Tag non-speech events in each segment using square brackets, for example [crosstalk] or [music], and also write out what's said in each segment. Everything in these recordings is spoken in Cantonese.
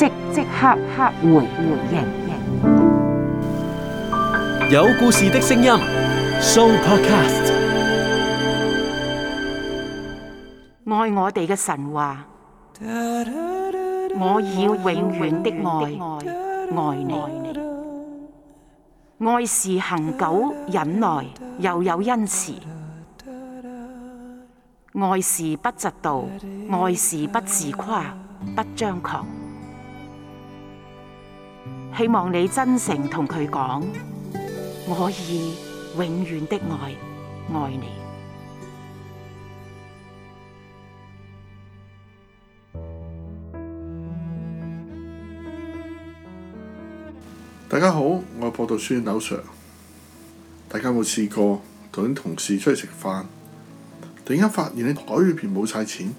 即即刻刻回回盈盈，有故事的聲音，So Podcast，愛我哋嘅神話，我以永遠的愛愛你，愛是恒久忍耐，又有恩慈，愛是不嫉妒，愛是不自誇，不張狂。希望你真誠同佢講，我可以永遠的愛愛你。大家好，我係播道宣劉 Sir。大家有冇試過同同事出去食飯，突然間發現喺台裏邊冇晒錢，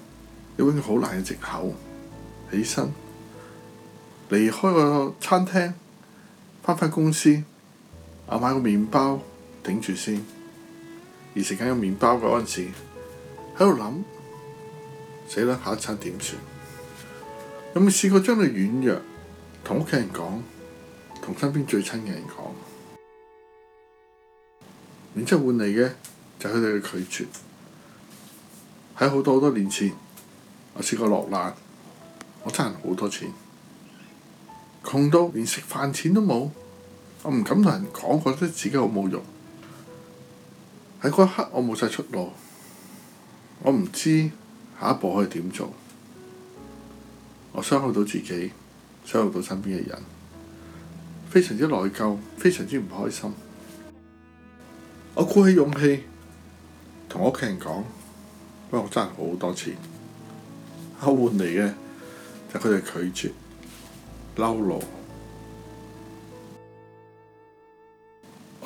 有冇好難嘅借口起身？離開個餐廳，翻返公司，啊買個麵包頂住先。而食緊個麵包嗰陣時，喺度諗：死啦！下一餐點算？有冇試過將你軟弱同屋企人講，同身邊最親嘅人講？然之後換嚟嘅就係佢哋嘅拒絕。喺好多好多年前，我試過落難，我欠好多錢。窮到連食飯錢都冇，我唔敢同人講，覺得自己好冇用。喺嗰一刻我冇晒出路，我唔知下一步可以點做，我傷害到自己，傷害到身邊嘅人，非常之內疚，非常之唔開心。我鼓起勇氣同我屋企人講，話我爭好多錢，後換嚟嘅就佢哋拒絕。我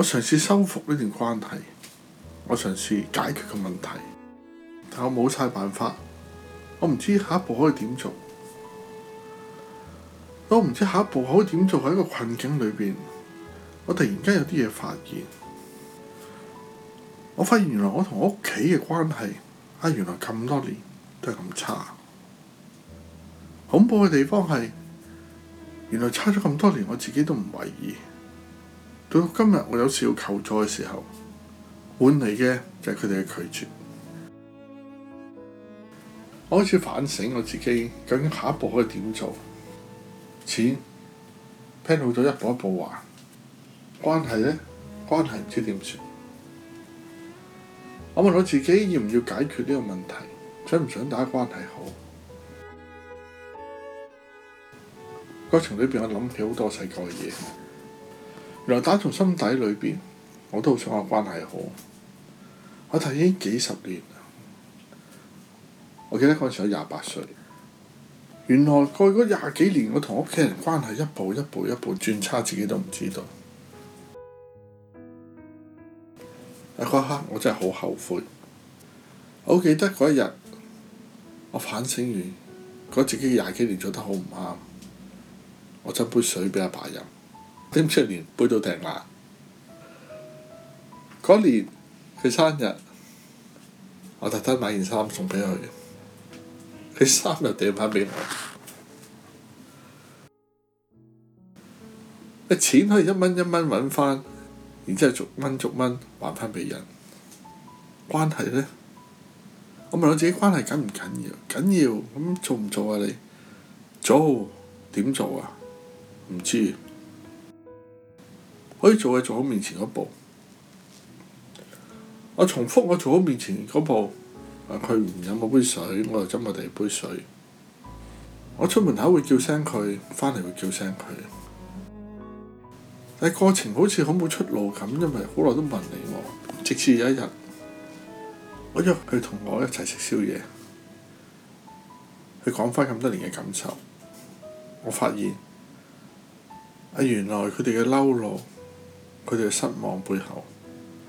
嘗試修復呢段關係，我嘗試解決個問題，但我冇晒辦法。我唔知下一步可以點做，我唔知下一步可以點做。喺一個困境裏邊，我突然間有啲嘢發現，我發現原來我同我屋企嘅關係啊，原來咁多年都係咁差。恐怖嘅地方係～原來差咗咁多年，我自己都唔為意。到今日我有事要求助嘅時候，換嚟嘅就係佢哋嘅拒絕。 [music] 我開始反省我自己究竟下一步可以點做？錢 plan 好咗，一步一步還。關係咧，關係唔知點算。我問我自己要唔要解決呢個問題？想唔想大家關係好？過程裏邊，我諗起好多細個嘅嘢。原來打從心底裏邊，我都好想我關係好。我提起已經幾十年，我記得嗰陣時我廿八歲。原來過去廿幾年，我同屋企人關係一步一步一步，一步轉差，自己都唔知道。嗰一刻我真係好後悔。我記得嗰一日，我反省完，覺得自己廿幾年做得好唔啱。我斟杯水俾阿爸飲，點知連杯都掟爛。嗰年佢生日，我特登買件衫送俾佢，佢衫又掟翻畀我。你錢可以一蚊一蚊揾返，然之後逐蚊逐蚊還返畀人。關係呢？我問我自己：關係緊唔緊要？緊要，咁做唔做？啊、做，做啊？你做點做啊？唔知可以做嘅做好面前嗰步，我重複我做好面前嗰步，佢唔飲我杯水，我就斟我第二杯水。我出門口會叫聲佢，翻嚟會叫聲佢。但係過程好似好冇出路咁，因為好耐都冇人理我，直至有一日，我約佢同我一齊食宵夜，佢講翻咁多年嘅感受，我發現。啊！原來佢哋嘅嬲怒，佢哋嘅失望背後，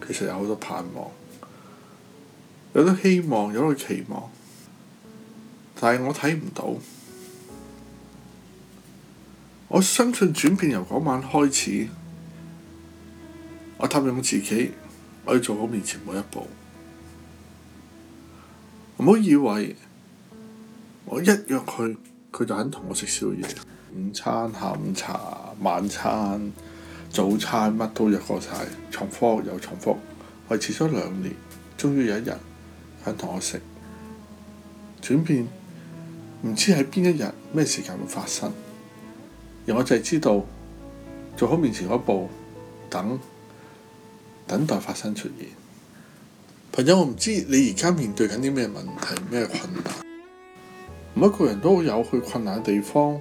其實有好多盼望，有好多希望，有好多期望，但係我睇唔到。我相信轉變由嗰晚開始，我答應自己，我要做好面前每一步。唔好以為我一約佢，佢就肯同我食宵夜。午餐、下午茶、晚餐、早餐，乜都約過晒，重複又重複，維持咗兩年，終於有一日肯同我食，轉變唔知喺邊一日，咩時間會發生？而我就係知道做好面前嗰一步，等等待發生出現。朋友，我唔知你而家面對緊啲咩問題，咩困難？每一個人都有佢困難嘅地方。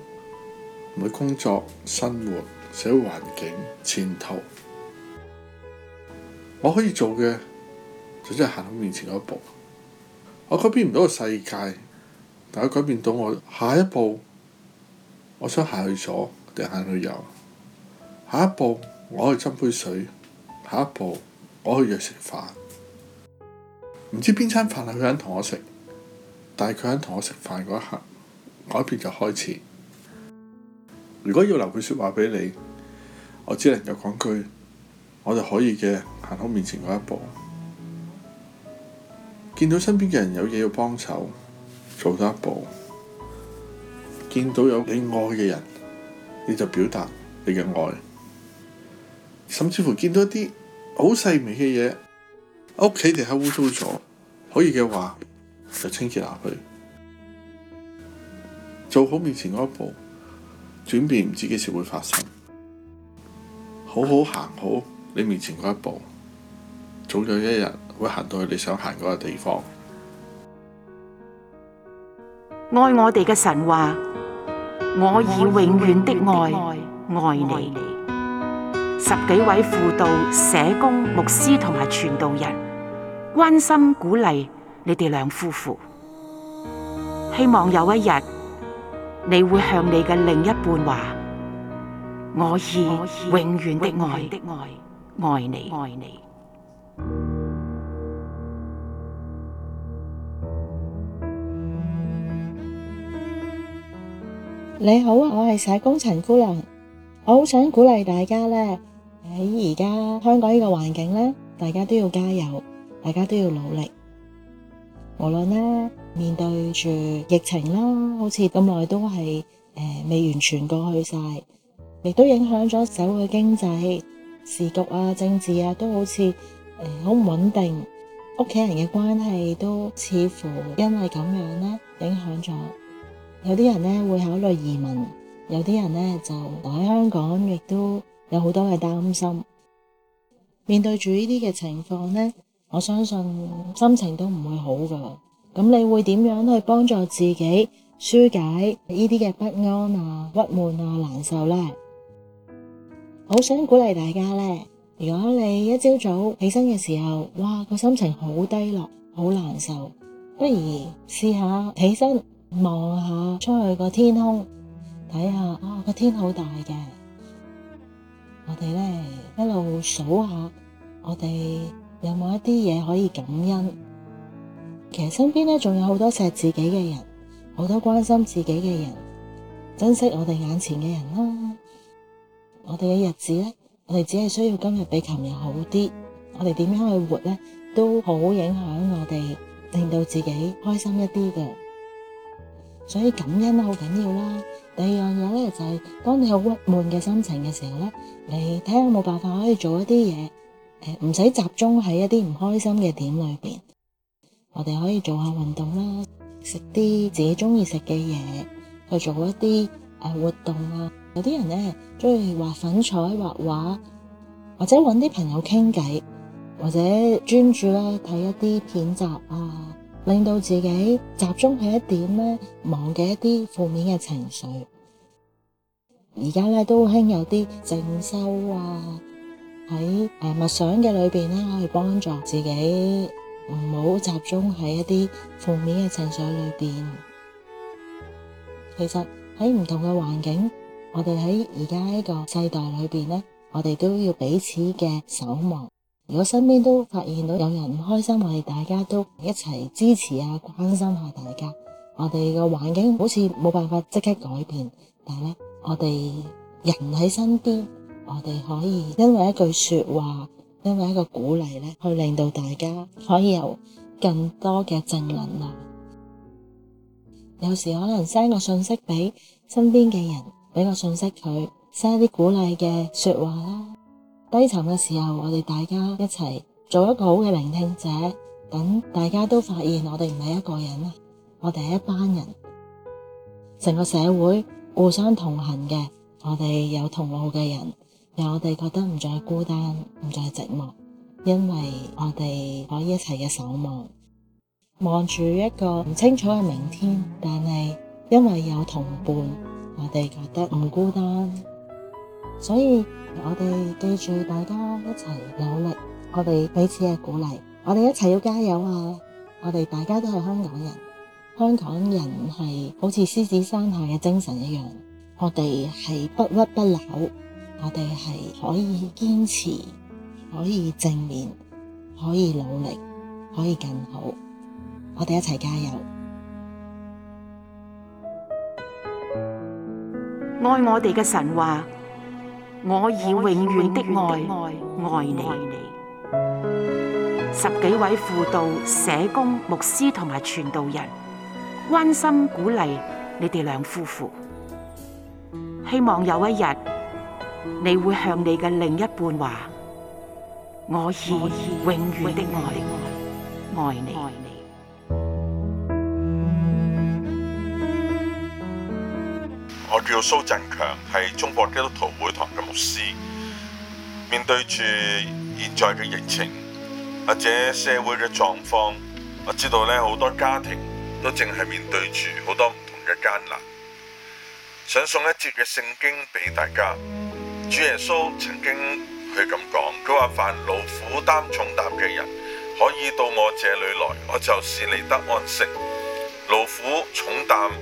唔會工作、生活、社會環境、前途，我可以做嘅，就真係行到面前嗰一步。我改變唔到個世界，但係改變到我下一步。我想行去左，定行去右。下一步我可以斟杯水，下一步我可以約食飯。唔知邊餐飯係佢肯同我食，但係佢肯同我食飯嗰一刻，改變就開始。如果要留句說話俾你，我只能夠講句，我就可以嘅行好面前嗰一步。見到身邊嘅人有嘢要幫手，做多一步；見到有你愛嘅人，你就表達你嘅愛。甚至乎見到一啲好細微嘅嘢，屋企地係污糟咗，可以嘅話就清潔下去。做好面前嗰一步。轉變唔知幾時會發生，好好行好你面前嗰一步，早有一日會行到去你想行嗰個地方。愛我哋嘅神話，我以永遠的愛愛你。十幾位輔導社工、牧師同埋傳道人，關心鼓勵你哋兩夫婦，希望有一日，你會向你嘅另一半話：我以永遠的愛愛你，愛你。你好啊，我係社工陳姑娘，我好想鼓勵大家呢，喺而家香港呢個環境呢，大家都要加油，大家都要努力，無論呢。面對住疫情啦，好似咁耐都係誒未完全過去曬，亦都影響咗社會經濟、時局啊、政治啊，都好似誒好唔穩定。屋企人嘅關係都似乎因為咁樣咧，影響咗，有啲人咧會考慮移民，有啲人咧就留喺香港，亦都有好多嘅擔心。面對住呢啲嘅情況咧，我相信心情都唔會好噶。咁你會點樣去幫助自己紓解呢啲嘅不安啊、鬱悶啊、難受咧？好想鼓勵大家咧，如果你一朝早起身嘅時候，哇個心情好低落、好難受，不如試下起身望下出去個天空，睇下啊個天好大嘅，我哋咧一路數下，我哋有冇一啲嘢可以感恩？其實身邊咧仲有好多錫自己嘅人，好多關心自己嘅人，珍惜我哋眼前嘅人啦。我哋嘅日子咧，我哋只係需要今日比琴日好啲。我哋點樣去活咧，都好影響我哋，令到自己開心一啲嘅。所以感恩都好緊要啦。第二樣嘢咧就係、是、當你有鬱悶嘅心情嘅時候咧，你睇下有冇辦法可以做一啲嘢，誒唔使集中喺一啲唔開心嘅點裏邊。我哋可以做下運動啦，食啲自己中意食嘅嘢，去做一啲，呃、活動啊。有啲人咧中意畫粉彩、畫畫，或者搵啲朋友傾偈，或者專注咧睇一啲片集啊，令到自己集中喺一點咧，忘記一啲負面嘅情緒。而家咧都興有啲靜修啊，喺誒、呃、冥想嘅裏邊可以幫助自己。唔好集中喺一啲負面嘅情緒裏邊。其實，喺唔同嘅環境，我哋喺而家呢個世代裏邊咧，我哋都要彼此嘅守望。如果身邊都發現到有人唔開心，我哋大家都一齊支持啊，關心下大家。我哋嘅環境好似冇辦法即刻改變，但係咧，我哋人喺身邊，我哋可以因為一句說話。因為一個鼓勵呢，去令到大家可以有更多嘅正能量。有時可能 send 個信息俾身邊嘅人，俾個信息佢，send 一啲鼓勵嘅說話啦。低沉嘅時候，我哋大家一齊做一個好嘅聆聽者，等大家都發現我哋唔係一個人啊，我哋係一班人，成個社會互相同行嘅，我哋有同路嘅人。讓我哋覺得唔再孤單，唔再寂寞，因為我哋可以一齊嘅守望，望住一個唔清楚嘅明天，但係因為有同伴，我哋覺得唔孤單，所以我哋記住大家一齊努力，我哋彼此嘅鼓勵，我哋一齊要加油啊！我哋大家都係香港人，香港人係好似獅子山下嘅精神一樣，我哋係不屈不撓。我哋係可以堅持，可以正面，可以努力，可以更好。我哋一齊加油！愛我哋嘅神話，我以永遠的愛愛你。十幾位輔導、社工、牧師同埋傳道人，關心鼓勵你哋兩夫婦，希望有一日。你會向你嘅另一半話：我願意永遠的愛你愛你。我叫蘇振強，係中國基督徒會堂嘅牧師。面對住現在嘅疫情或者社會嘅狀況，我知道咧好多家庭都淨係面對住好多唔同嘅艱難。想送一節嘅聖經俾大家。主耶穌曾經佢咁講，佢話煩惱、凡勞苦擔、重擔嘅人可以到我這裏來，我就使你得安息。勞苦重擔，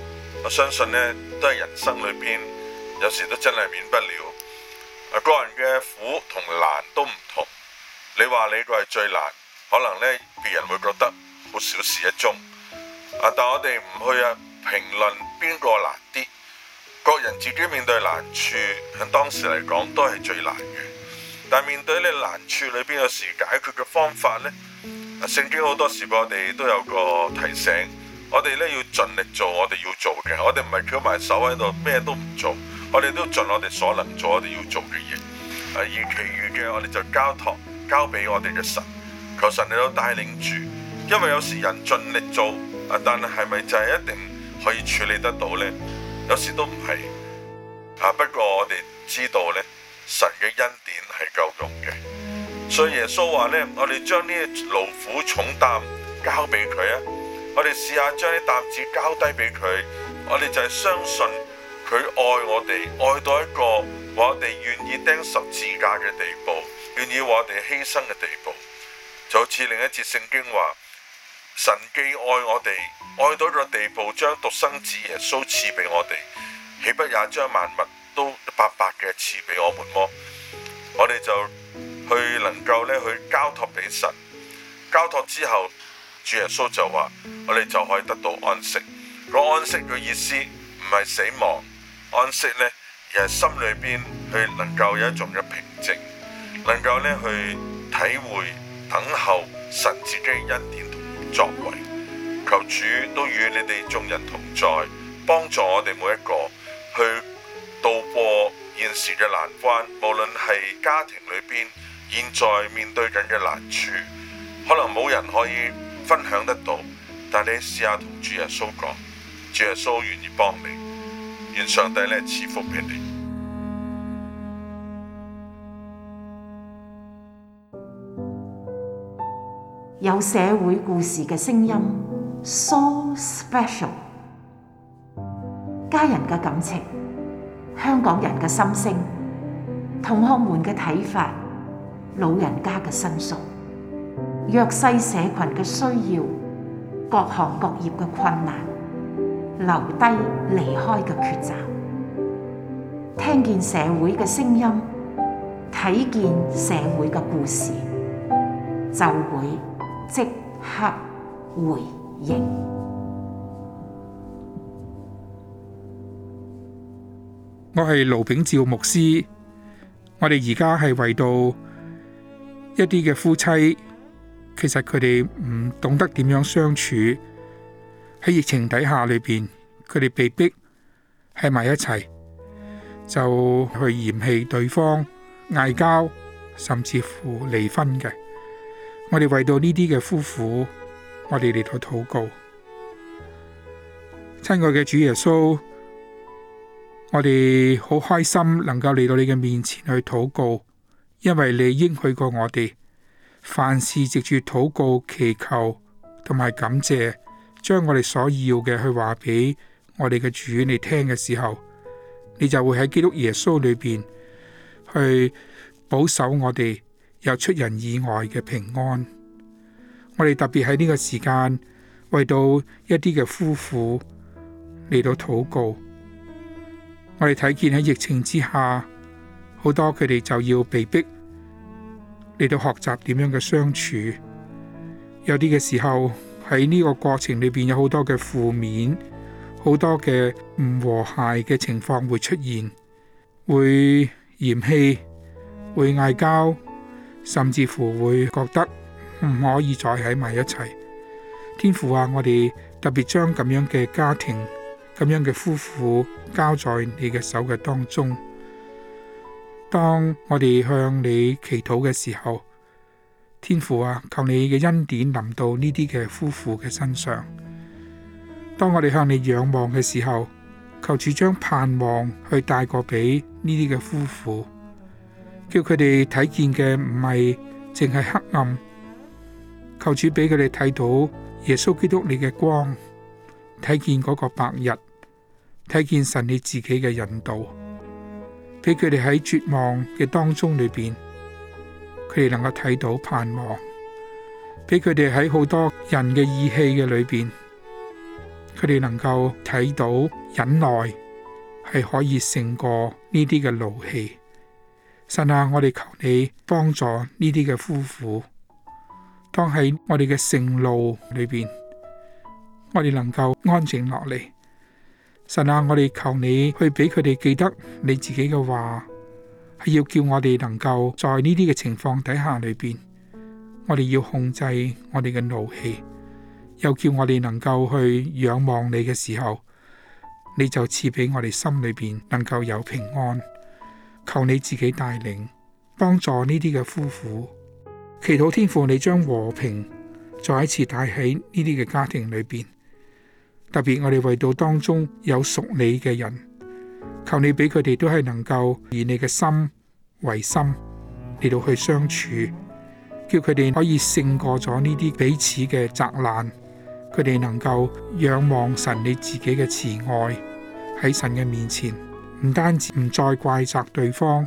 我相信呢都係人生裏邊有時都真係免不了。啊，個人嘅苦同難都唔同，你話你個係最難，可能呢別人會覺得好小事一樁，啊。但我哋唔去啊評論邊個難啲。各人自己面對難處，喺當時嚟講都係最難嘅。但面對呢難處裏邊有時解決嘅方法呢，聖經好多時我哋都有個提醒，我哋咧要盡力做我哋要做嘅。我哋唔係翹埋手喺度咩都唔做，我哋都盡我哋所能做我哋要做嘅嘢。而其餘嘅我哋就交託交俾我哋嘅神，求神你都帶領住。因為有時人盡力做，但係咪就係一定可以處理得到呢？有時都唔係，啊！不過我哋知道咧，神嘅恩典係夠用嘅，所以耶穌話咧，我哋將呢啲勞苦重擔交俾佢啊！我哋試下將啲擔子交低俾佢，我哋就係相信佢愛我哋，愛到一個我哋願意釘十字架嘅地步，願意我哋犧牲嘅地步，就好似另一節聖經話。神既愛我哋，愛到個地步，將獨生子耶穌賜俾我哋，豈不也將萬物都白白嘅賜俾我們麼？我哋就去能夠咧去交託俾神，交托之後，主耶穌就話，我哋就可以得到安息。個安息嘅意思唔係死亡，安息咧而係心裏邊去能夠有一種嘅平靜，能夠咧去體會等候神自己嘅恩典。作為，求主都與你哋眾人同在，幫助我哋每一個去度過現時嘅難關。無論係家庭裏邊，現在面對緊嘅難處，可能冇人可以分享得到。但你試下同主耶穌講，主耶穌願意幫你。願上帝咧賜福俾你。有社會故事嘅聲音，So special。家人嘅感情，香港人嘅心聲，同學們嘅睇法，老人家嘅申訴，弱勢社群嘅需要，各行各業嘅困難，留低離開嘅抉擇，聽見社會嘅聲音，睇見社會嘅故事，就會。即刻回應。我係盧炳照牧師，我哋而家係為到一啲嘅夫妻，其實佢哋唔懂得點樣相處，喺疫情底下裏邊，佢哋被逼喺埋一齊，就去嫌棄對方、嗌交，甚至乎離婚嘅。我哋為到呢啲嘅夫婦，我哋嚟到禱告。親愛嘅主耶穌，我哋好開心能夠嚟到你嘅面前去禱告，因為你應許過我哋，凡事藉住禱告、祈求同埋感謝，將我哋所要嘅去話俾我哋嘅主你聽嘅時候，你就會喺基督耶穌裏邊去保守我哋。有出人意外嘅平安，我哋特別喺呢個時間為到一啲嘅夫婦嚟到禱告。我哋睇見喺疫情之下，好多佢哋就要被逼嚟到學習點樣嘅相處。有啲嘅時候喺呢個過程裏邊，有好多嘅負面、好多嘅唔和諧嘅情況會出現，會嫌棄，會嗌交。甚至乎會覺得唔可以再喺埋一齊。天父啊，我哋特別將咁樣嘅家庭、咁樣嘅夫婦交在你嘅手嘅當中。當我哋向你祈禱嘅時候，天父啊，求你嘅恩典臨到呢啲嘅夫婦嘅身上。當我哋向你仰望嘅時候，求主將盼望去帶過俾呢啲嘅夫婦。叫佢哋睇見嘅唔係淨係黑暗，求主俾佢哋睇到耶穌基督你嘅光，睇見嗰個白日，睇見神你自己嘅引導，俾佢哋喺絕望嘅當中裏邊，佢哋能夠睇到盼望；俾佢哋喺好多人嘅意氣嘅裏邊，佢哋能夠睇到忍耐係可以勝過呢啲嘅勞氣。神啊，我哋求你幫助呢啲嘅夫婦，當喺我哋嘅聖路裏邊，我哋能夠安靜落嚟。神啊，我哋求你去俾佢哋記得你自己嘅話，係要叫我哋能夠在呢啲嘅情況底下裏邊，我哋要控制我哋嘅怒氣，又叫我哋能夠去仰望你嘅時候，你就賜俾我哋心裏邊能夠有平安。求你自己帶領幫助呢啲嘅夫婦，祈禱天父你將和平再一次帶喺呢啲嘅家庭裏邊。特別我哋為到當中有屬你嘅人，求你俾佢哋都係能夠以你嘅心為心嚟到去相處，叫佢哋可以勝過咗呢啲彼此嘅責難，佢哋能夠仰望神你自己嘅慈愛喺神嘅面前，唔單止唔再怪責對方，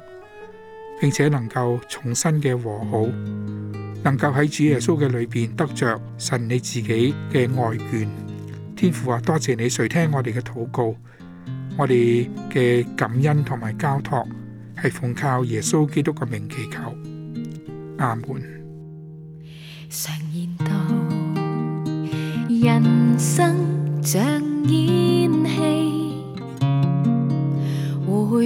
並且能夠重新嘅和好，能夠喺主耶穌嘅裏面得着神你自己嘅愛眷。天父啊，多謝你垂聽我哋嘅禱告，我哋嘅感恩同埋交托係奉靠耶穌基督嘅名祈求。阿門。常言道，人生像煙氣。